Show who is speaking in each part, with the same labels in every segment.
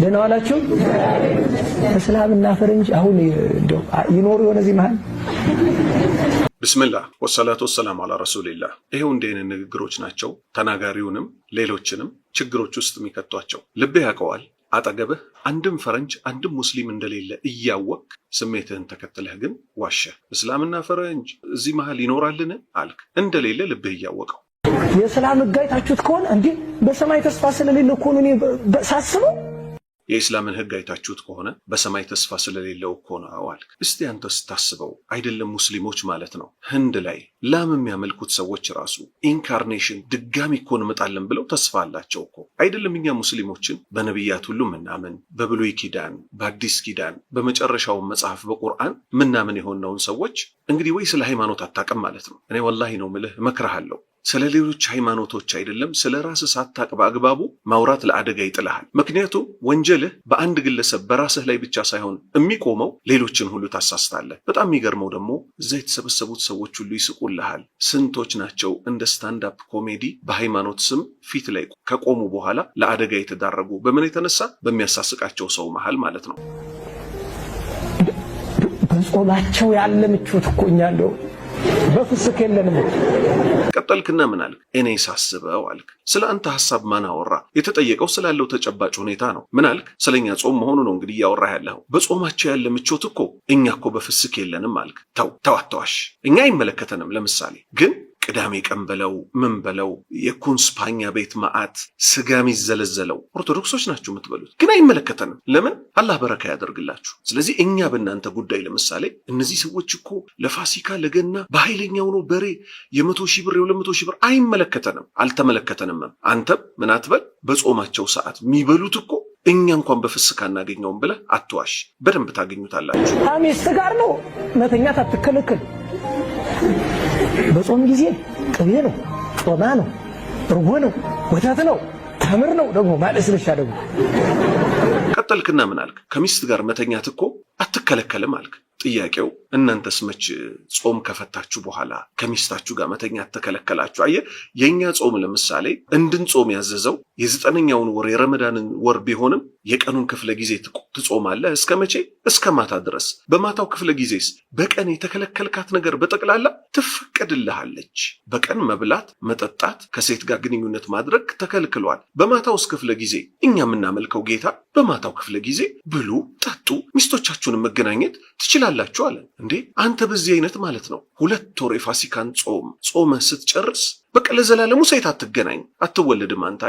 Speaker 1: ደህና ዋላችሁ። እስላምና ፈረንጅ አሁን እንደው ይኖሩ የሆነ እዚህ መሀል
Speaker 2: ብስምላህ ወሰላቱ ወሰላም አላ ረሱሊላህ። ይሄው እንዲህ አይነት ንግግሮች ናቸው ተናጋሪውንም ሌሎችንም ችግሮች ውስጥ የሚከቷቸው። ልብህ ያውቀዋል። አጠገብህ አንድም ፈረንጅ አንድም ሙስሊም እንደሌለ እያወቅ ስሜትህን ተከትለህ ግን ዋሸህ። እስላምና ፈረንጅ እዚህ መሀል ይኖራልን አልክ። እንደሌለ ልብህ እያወቀው
Speaker 1: የሰላም ህግ አይታችሁት ከሆነ እንዲህ በሰማይ ተስፋ ስለሌለ እኮ ነው እኔ ሳስበው
Speaker 2: የኢስላምን ህግ አይታችሁት ከሆነ በሰማይ ተስፋ ስለሌለው እኮ ነው አልክ። እስቲ አንተ ስታስበው አይደለም ሙስሊሞች ማለት ነው ህንድ ላይ ላም የሚያመልኩት ሰዎች ራሱ ኢንካርኔሽን ድጋሚ እኮ እንመጣለን ብለው ተስፋ አላቸው እኮ። አይደለም እኛ ሙስሊሞችን በነቢያት ሁሉ ምናምን፣ በብሉይ ኪዳን፣ በአዲስ ኪዳን፣ በመጨረሻውን መጽሐፍ በቁርአን ምናምን የሆነውን ሰዎች እንግዲህ ወይ ስለ ሃይማኖት አታውቅም ማለት ነው። እኔ ወላሂ ነው ምልህ እመክርሃለሁ ስለ ሌሎች ሃይማኖቶች አይደለም፣ ስለ ራስህ ሳታቅ በአግባቡ ማውራት ለአደጋ ይጥልሃል። ምክንያቱም ወንጀልህ በአንድ ግለሰብ በራስህ ላይ ብቻ ሳይሆን የሚቆመው ሌሎችን ሁሉ ታሳስታለህ። በጣም የሚገርመው ደግሞ እዛ የተሰበሰቡት ሰዎች ሁሉ ይስቁልሃል። ስንቶች ናቸው እንደ ስታንዳፕ ኮሜዲ በሃይማኖት ስም ፊት ላይ ከቆሙ በኋላ ለአደጋ የተዳረጉ? በምን የተነሳ በሚያሳስቃቸው ሰው መሃል ማለት ነው።
Speaker 1: በጾማቸው ያለ ምቾት እኮ እኛ በፍስክ የለንም።
Speaker 2: ቀጠልክና ምን አልክ? እኔ ሳስበው አልክ። ስለ አንተ ሀሳብ ማን አወራ? የተጠየቀው ስላለው ተጨባጭ ሁኔታ ነው። ምን አልክ? ስለኛ ጾም መሆኑ ነው እንግዲህ እያወራ ያለው። በጾማቸው ያለ ምቾት እኮ እኛ እኮ በፍስክ የለንም አልክ። ተው ተው፣ እኛ አይመለከተንም። ለምሳሌ ግን ቅዳሜ ቀን በለው ምን በለው የኩንስፓኛ ቤት መዓት ስጋ የሚዘለዘለው ኦርቶዶክሶች ናቸው የምትበሉት፣ ግን አይመለከተንም። ለምን አላህ በረካ ያደርግላችሁ። ስለዚህ እኛ በእናንተ ጉዳይ ለምሳሌ እነዚህ ሰዎች እኮ ለፋሲካ ለገና በኃይለኛው ነው በሬ የመቶ ሺህ ብር የሁለት መቶ ሺህ ብር አይመለከተንም፣ አልተመለከተንም። አንተም ምን አትበል በጾማቸው ሰዓት የሚበሉት እኮ እኛ እንኳን በፍስካ እናገኘውም ብለህ አትዋሽ። በደንብ ታገኙታላችሁ።
Speaker 1: ሚስት ጋር ነው መተኛት አትከልክል በጾም ጊዜ ቅቤ ነው፣ ጮማ ነው፣ እርጎ ነው፣ ወተት ነው፣ ተምር ነው። ደግሞ ማለስለሻ ደግሞ
Speaker 2: ቀጠልክና ምን አልክ? ከሚስት ጋር መተኛት እኮ አትከለከልም አልክ። ጥያቄው እናንተስ መቼ ጾም ከፈታችሁ በኋላ ከሚስታችሁ ጋር መተኛት ተከለከላችሁ? አየ የእኛ ጾም ለምሳሌ እንድን ጾም ያዘዘው የዘጠነኛውን ወር የረመዳንን ወር ቢሆንም የቀኑን ክፍለ ጊዜ ትጾማለህ። እስከ መቼ? እስከ ማታ ድረስ። በማታው ክፍለ ጊዜስ በቀን የተከለከልካት ነገር በጠቅላላ ትፈቀድልሃለች። በቀን መብላት፣ መጠጣት፣ ከሴት ጋር ግንኙነት ማድረግ ተከልክሏል። በማታውስ ክፍለ ጊዜ እኛ የምናመልከው ጌታ በማታው ክፍለ ጊዜ ብሉ፣ ጠጡ፣ ሚስቶቻችሁን መገናኘት ትችላል ትበላላችሁ አለ። እንዴ አንተ በዚህ አይነት ማለት ነው ሁለት ወር የፋሲካን ጾም ጾመ ስትጨርስ በቃ ለዘላለሙ ሴት አትገናኝ አትወለድም። አንተ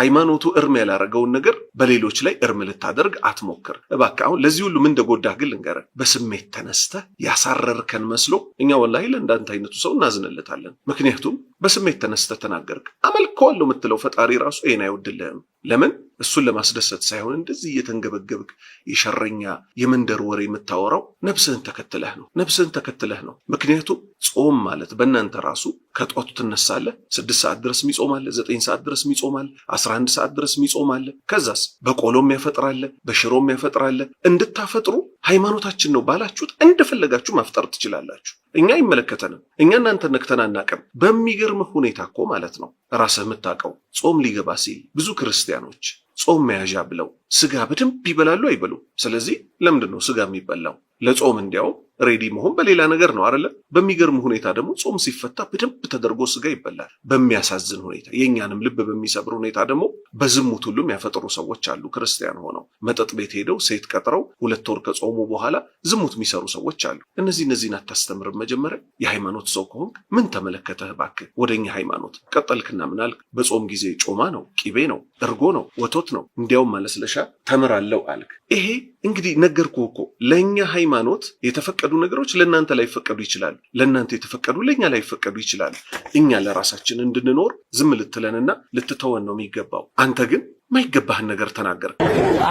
Speaker 2: ሃይማኖቱ እርም ያላረገውን ነገር በሌሎች ላይ እርም ልታደርግ አትሞክር እባክህ። አሁን ለዚህ ሁሉ ምን እንደጎዳህ ግን ልንገርህ። በስሜት ተነስተህ ያሳረርከን መስሎ እኛ ወላሂ ለእንዳንተ አይነቱ ሰው እናዝንለታለን። ምክንያቱም በስሜት ተነስተህ ተናገርክ። አመልከዋለሁ የምትለው ፈጣሪ ራሱ ይህን አይወድልህም። ለምን? እሱን ለማስደሰት ሳይሆን እንደዚህ እየተንገበገብክ የሸረኛ የመንደር ወሬ የምታወራው ነፍስህን ተከትለህ ነው። ነፍስህን ተከትለህ ነው። ምክንያቱም ጾም ማለት በእናንተ ራሱ ከጧቱ ትነሳለህ። ስድስት ሰዓት ድረስ ሚጾማለ፣ ዘጠኝ ሰዓት ድረስ ሚጾማለ፣ አስራ አንድ ሰዓት ድረስ ሚጾማለ። ከዛስ በቆሎም ያፈጥራለ፣ በሽሮም ያፈጥራለ። እንድታፈጥሩ ሃይማኖታችን ነው ባላችሁት እንደፈለጋችሁ ማፍጠር ትችላላችሁ። እኛ አይመለከተንም። እኛ እናንተን ነክተን አናቅም። በሚገርም ሁኔታ እኮ ማለት ነው ራስህ የምታውቀው ጾም ሊገባ ሲል ብዙ ክርስቲያኖች ጾም መያዣ ብለው ስጋ በደንብ ይበላሉ አይበሉ። ስለዚህ ለምንድን ነው ስጋ የሚበላው? ለጾም እንዲያውም ሬዲ መሆን በሌላ ነገር ነው አይደለ? በሚገርም ሁኔታ ደግሞ ጾም ሲፈታ በደንብ ተደርጎ ስጋ ይበላል። በሚያሳዝን ሁኔታ የእኛንም ልብ በሚሰብር ሁኔታ ደግሞ በዝሙት ሁሉ የሚያፈጥሩ ሰዎች አሉ። ክርስቲያን ሆነው መጠጥ ቤት ሄደው ሴት ቀጥረው ሁለት ወር ከጾሙ በኋላ ዝሙት የሚሰሩ ሰዎች አሉ። እነዚህ እነዚህን አታስተምርም። መጀመሪያ የሃይማኖት ሰው ከሆንክ ምን ተመለከተህ እባክህ? ወደኛ ሃይማኖት ቀጠልክና ምናልክ? በጾም ጊዜ ጮማ ነው፣ ቂቤ ነው፣ እርጎ ነው፣ ወቶት ነው፣ እንዲያውም ማለስለሻ ተምራለው አልክ። ይሄ እንግዲህ ነገርኩህ እኮ ለእኛ ሃይማኖት የተፈቀ የተፈቀዱ ነገሮች ለእናንተ ላይፈቀዱ ይችላሉ። ለእናንተ የተፈቀዱ ለእኛ ላይፈቀዱ ይችላሉ። እኛ ለራሳችን እንድንኖር ዝም ልትለንና ልትተወን ነው የሚገባው። አንተ ግን ማይገባህን ነገር ተናገር።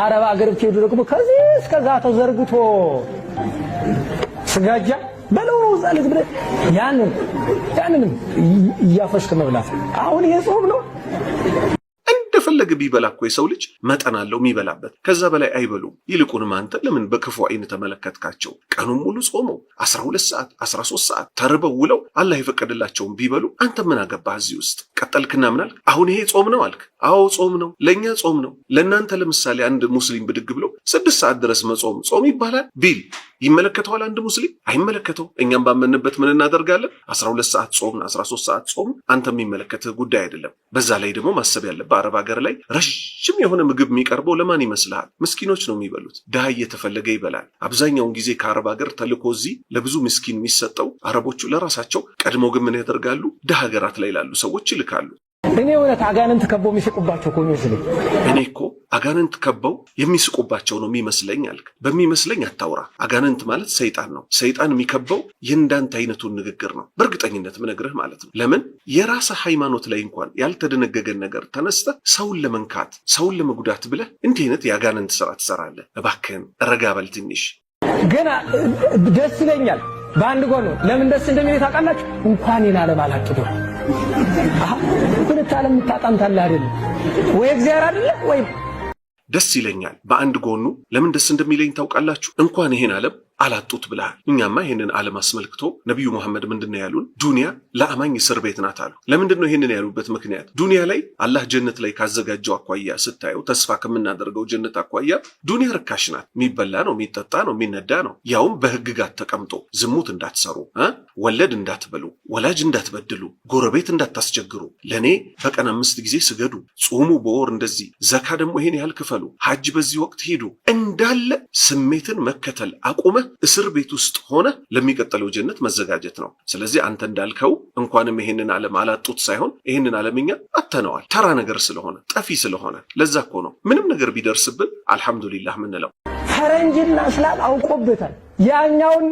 Speaker 1: አረብ አገር ብትሄዱ ደግሞ ከዚህ እስከዛ ተዘርግቶ ስጋጃ በለው ዛለት ብለህ ያንን ያንንም እያፈሽክ መብላት። አሁን ይሄ ጾም ነው
Speaker 2: ከፈለገ ቢበላ እኮ የሰው ልጅ መጠን አለው የሚበላበት። ከዛ በላይ አይበሉም። ይልቁንም አንተ ለምን በክፉ አይን ተመለከትካቸው? ቀኑን ሙሉ ጾመው 12 ሰዓት 13 ሰዓት ተርበው ውለው አላህ የፈቀደላቸውን ቢበሉ አንተ ምን አገባህ እዚህ ውስጥ? ቀጠልክና ምናል አሁን ይሄ ጾም ነው አልክ። አዎ ጾም ነው፣ ለእኛ ጾም ነው። ለእናንተ ለምሳሌ አንድ ሙስሊም ብድግ ብሎ ስድስት ሰዓት ድረስ መጾም ጾም ይባላል ቢል ይመለከተዋል አንድ ሙስሊም? አይመለከተው። እኛም ባመንበት ምን እናደርጋለን? አስራ ሁለት ሰዓት ጾም፣ አስራ ሶስት ሰዓት ጾም አንተ የሚመለከትህ ጉዳይ አይደለም። በዛ ላይ ደግሞ ማሰብ ያለብህ አረብ ሀገር ላይ ረዥም የሆነ ምግብ የሚቀርበው ለማን ይመስልሃል? ምስኪኖች ነው የሚበሉት። ድሃ እየተፈለገ ይበላል። አብዛኛውን ጊዜ ከአረብ ሀገር ተልኮ እዚህ ለብዙ ምስኪን የሚሰጠው አረቦቹ ለራሳቸው ቀድሞ ግን ምን ያደርጋሉ? ድሃ ሀገራት ላይ ላሉ ሰዎች ይልካል። ይልካሉ።
Speaker 1: እኔ እውነት አጋንንት ከበው የሚስቁባቸው እኮ የሚመስለኝ
Speaker 2: እኔ እኮ አጋንንት ከበው የሚስቁባቸው ነው የሚመስለኝ አልክ። በሚመስለኝ አታውራ። አጋንንት ማለት ሰይጣን ነው። ሰይጣን የሚከበው የእንዳንተ አይነቱን ንግግር ነው። በእርግጠኝነት ምነግርህ ማለት ነው። ለምን የራስህ ሃይማኖት ላይ እንኳን ያልተደነገገን ነገር ተነስተህ ሰውን ለመንካት ሰውን ለመጉዳት ብለህ እንዲህ አይነት የአጋንንት ስራ ትሰራለህ። እባክህን ረጋ በል ትንሽ።
Speaker 1: ገና ደስ ይለኛል በአንድ ጎኑ። ለምን ደስ እንደሚለኝ ታውቃላችሁ? እንኳን ይህን ዓለም ሁለት ዓለም አይደለ ወይ? እግዚአብሔር አይደለ ወይ?
Speaker 2: ደስ ይለኛል በአንድ ጎኑ። ለምን ደስ እንደሚለኝ ታውቃላችሁ? እንኳን ይሄን ዓለም አላጡት ብለሃል። እኛማ ይህንን ዓለም አስመልክቶ ነቢዩ መሐመድ ምንድን ነው ያሉን? ዱንያ ለአማኝ እስር ቤት ናት አሉ። ለምንድን ነው ይህንን ያሉበት ምክንያት? ዱንያ ላይ አላህ ጀነት ላይ ካዘጋጀው አኳያ ስታየው፣ ተስፋ ከምናደርገው ጀነት አኳያ ዱንያ ርካሽ ናት። የሚበላ ነው፣ የሚጠጣ ነው፣ የሚነዳ ነው። ያውም በህግጋት ተቀምጦ ዝሙት እንዳትሰሩ፣ ወለድ እንዳትበሉ፣ ወላጅ እንዳትበድሉ፣ ጎረቤት እንዳታስቸግሩ፣ ለእኔ በቀን አምስት ጊዜ ስገዱ፣ ጾሙ በወር እንደዚህ፣ ዘካ ደግሞ ይሄን ያህል ክፈሉ፣ ሀጅ በዚህ ወቅት ሂዱ፣ እንዳለ ስሜትን መከተል አቁመህ እስር ቤት ውስጥ ሆነ ለሚቀጥለው ጀነት መዘጋጀት ነው። ስለዚህ አንተ እንዳልከው እንኳንም ይሄንን ዓለም አላጡት ሳይሆን ይሄንን ዓለም እኛ አተነዋል። ተራ ነገር ስለሆነ ጠፊ ስለሆነ ለዛ እኮ ነው ምንም ነገር ቢደርስብን አልሐምዱሊላህ ምንለው።
Speaker 1: ፈረንጅና እስላም አውቆበታል። ያኛውን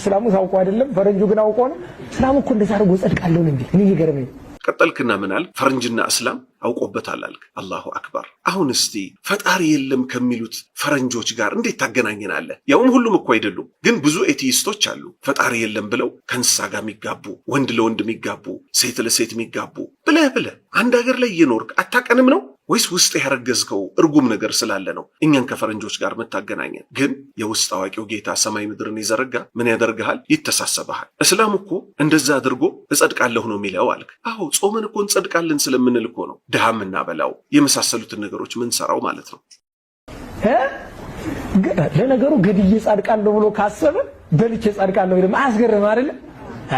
Speaker 1: እስላሙ ታውቆ አይደለም ፈረንጁ ግን አውቆ ነው። እስላሙ እኮ እንደዛ አድርጎ ጸድቃለሁ እንዴ? እኔ ይገርመኝ
Speaker 2: ቀጠልክና ምን አልክ? ፈረንጅና እስላም አውቆበታል አልክ። አላሁ አክበር። አሁን እስቲ ፈጣሪ የለም ከሚሉት ፈረንጆች ጋር እንዴት ታገናኘናለህ? ያውም ሁሉም እኮ አይደሉም፣ ግን ብዙ ኤቲይስቶች አሉ ፈጣሪ የለም ብለው ከእንስሳ ጋር የሚጋቡ ወንድ ለወንድ የሚጋቡ ሴት ለሴት የሚጋቡ ብለህ ብለህ አንድ ሀገር ላይ እየኖርክ አታቀንም ነው ወይስ ውስጥ ያረገዝከው እርጉም ነገር ስላለ ነው እኛን ከፈረንጆች ጋር የምታገናኘን? ግን የውስጥ አዋቂው ጌታ ሰማይ ምድርን ይዘረጋ ምን ያደርግሃል? ይተሳሰበሃል። እስላም እኮ እንደዛ አድርጎ እጸድቃለሁ ነው የሚለው አልክ። አዎ ጾምን እኮ እንጸድቃለን ስለምንል እኮ ነው ድሃም የምናበላው የመሳሰሉትን ነገሮች ምንሰራው ማለት ነው።
Speaker 1: ለነገሩ ገድዬ ጻድቃለሁ ብሎ ካሰበ በልቼ ጻድቃለሁ አያስገርም አይደለም?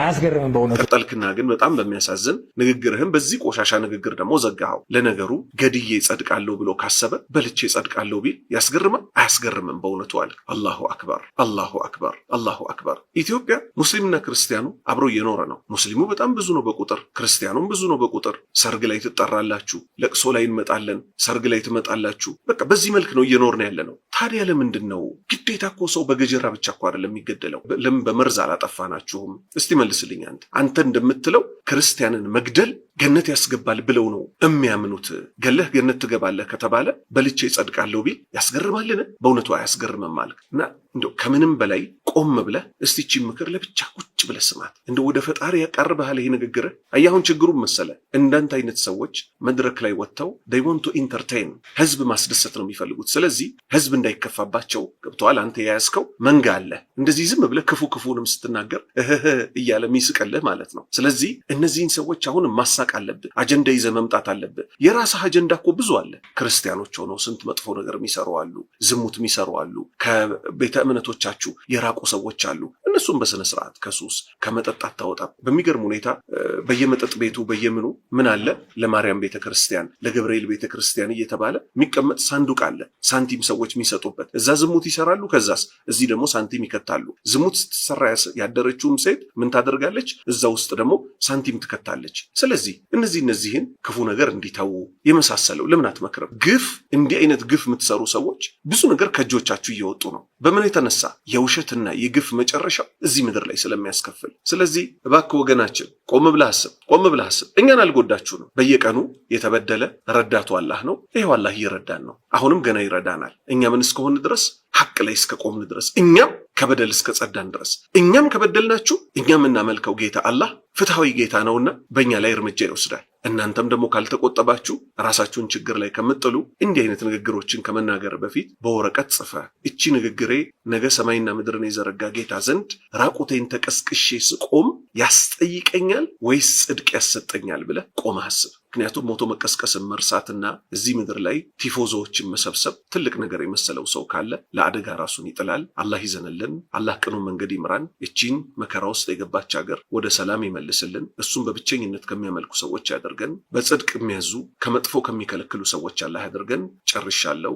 Speaker 1: አያስገርምም
Speaker 2: በእውነቱ ቀጠልክና ግን በጣም በሚያሳዝን ንግግርህም በዚህ ቆሻሻ ንግግር ደግሞ ዘጋኸው። ለነገሩ ገድዬ ጸድቃለሁ ብሎ ካሰበ በልቼ ጸድቃለሁ ቢል ያስገርማል አያስገርምም በእውነቱ አለ። አላሁ አክበር፣ አላሁ አክበር፣ አላሁ አክበር። ኢትዮጵያ ሙስሊምና ክርስቲያኑ አብሮ እየኖረ ነው። ሙስሊሙ በጣም ብዙ ነው በቁጥር ክርስቲያኑም ብዙ ነው በቁጥር። ሰርግ ላይ ትጠራላችሁ፣ ለቅሶ ላይ እንመጣለን፣ ሰርግ ላይ ትመጣላችሁ። በቃ በዚህ መልክ ነው እየኖር ያለ ነው። ታዲያ ለምንድን ነው ግዴታ እኮ ሰው በገጀራ ብቻ እኮ አይደለም የሚገደለው። ለምን በመርዝ አላጠፋናችሁም? እስቲ መልስልኝ አንተ አንተ እንደምትለው ክርስቲያንን መግደል ገነት ያስገባል ብለው ነው የሚያምኑት። ገለህ ገነት ትገባለህ ከተባለ በልቼ ይጸድቃለሁ ቢል ያስገርማልን? በእውነቱ አያስገርምም ማለት እና እንደ ከምንም በላይ ቆም ብለህ እስቲቺ ምክር ለብቻ ቁጭ ብለህ ስማት። እንደ ወደ ፈጣሪ ያቃርብሃል ይሄ ንግግር። አያሁን ችግሩም መሰለ እንዳንተ አይነት ሰዎች መድረክ ላይ ወጥተው ዴይ ኢንተርቴን ህዝብ ማስደሰት ነው የሚፈልጉት። ስለዚህ ህዝብ እንዳይከፋባቸው ገብተዋል። አንተ የያዝከው መንጋ አለ። እንደዚህ ዝም ብለህ ክፉ ክፉንም ስትናገር እህህ እያለ የሚስቀልህ ማለት ነው። ስለዚህ እነዚህን ሰዎች አሁን ማሳ መሳቅ አለብህ። አጀንዳ ይዘህ መምጣት አለብህ። የራስህ አጀንዳ እኮ ብዙ አለ። ክርስቲያኖች ሆነው ስንት መጥፎ ነገር የሚሰሩ አሉ። ዝሙት የሚሰሩ አሉ። ከቤተ እምነቶቻችሁ የራቁ ሰዎች አሉ። እነሱም በስነ ስርዓት ከሱስ ከመጠጥ አታወጣም። በሚገርም ሁኔታ በየመጠጥ ቤቱ በየምኑ ምን አለ ለማርያም ቤተክርስቲያን፣ ለገብርኤል ቤተክርስቲያን እየተባለ የሚቀመጥ ሳንዱቅ አለ፣ ሳንቲም ሰዎች የሚሰጡበት። እዛ ዝሙት ይሰራሉ። ከዛስ እዚህ ደግሞ ሳንቲም ይከታሉ። ዝሙት ስትሰራ ያደረችውም ሴት ምን ታደርጋለች? እዛ ውስጥ ደግሞ ሳንቲም ትከታለች። ስለዚህ እነዚህ እነዚህን ክፉ ነገር እንዲተዉ የመሳሰለው ለምን አትመክርም? ግፍ እንዲህ አይነት ግፍ የምትሰሩ ሰዎች ብዙ ነገር ከእጆቻችሁ እየወጡ ነው። በምን የተነሳ የውሸትና የግፍ መጨረሻ እዚህ ምድር ላይ ስለሚያስከፍል። ስለዚህ እባክህ ወገናችን ቆም ብለህ አስብ፣ ቆም ብለህ አስብ። እኛን አልጎዳችሁ ነው። በየቀኑ የተበደለ ረዳቱ አላህ ነው። ይኸው አላህ እየረዳን ነው። አሁንም ገና ይረዳናል። እኛ ምን እስከሆን ድረስ ሐቅ ላይ እስከ ቆምን ድረስ እኛም ከበደል እስከ ጸዳን ድረስ እኛም ከበደልናችሁ እኛም እናመልከው ጌታ አላህ ፍትሐዊ ጌታ ነውና በእኛ ላይ እርምጃ ይወስዳል። እናንተም ደግሞ ካልተቆጠባችሁ ራሳችሁን ችግር ላይ ከምጥሉ እንዲህ አይነት ንግግሮችን ከመናገር በፊት በወረቀት ጽፈ እቺ ንግግሬ ነገ ሰማይና ምድርን የዘረጋ ጌታ ዘንድ ራቁቴን ተቀስቅሼ ስቆም ያስጠይቀኛል ወይስ ጽድቅ ያሰጠኛል ብለህ ቆመህ አስብ። ምክንያቱም ሞቶ መቀስቀስን መርሳትና እዚህ ምድር ላይ ቲፎዞዎችን መሰብሰብ ትልቅ ነገር የመሰለው ሰው ካለ ለአደጋ ራሱን ይጥላል። አላህ ይዘንልን፣ አላህ ቅኑ መንገድ ይምራን፣ እቺን መከራ ውስጥ የገባች ሀገር ወደ ሰላም ይመልስልን፣ እሱም በብቸኝነት ከሚያመልኩ ሰዎች ያደርገን፣ በጽድቅ የሚያዙ ከመጥፎ ከሚከለክሉ ሰዎች አላህ ያደርገን። ጨርሻለሁ።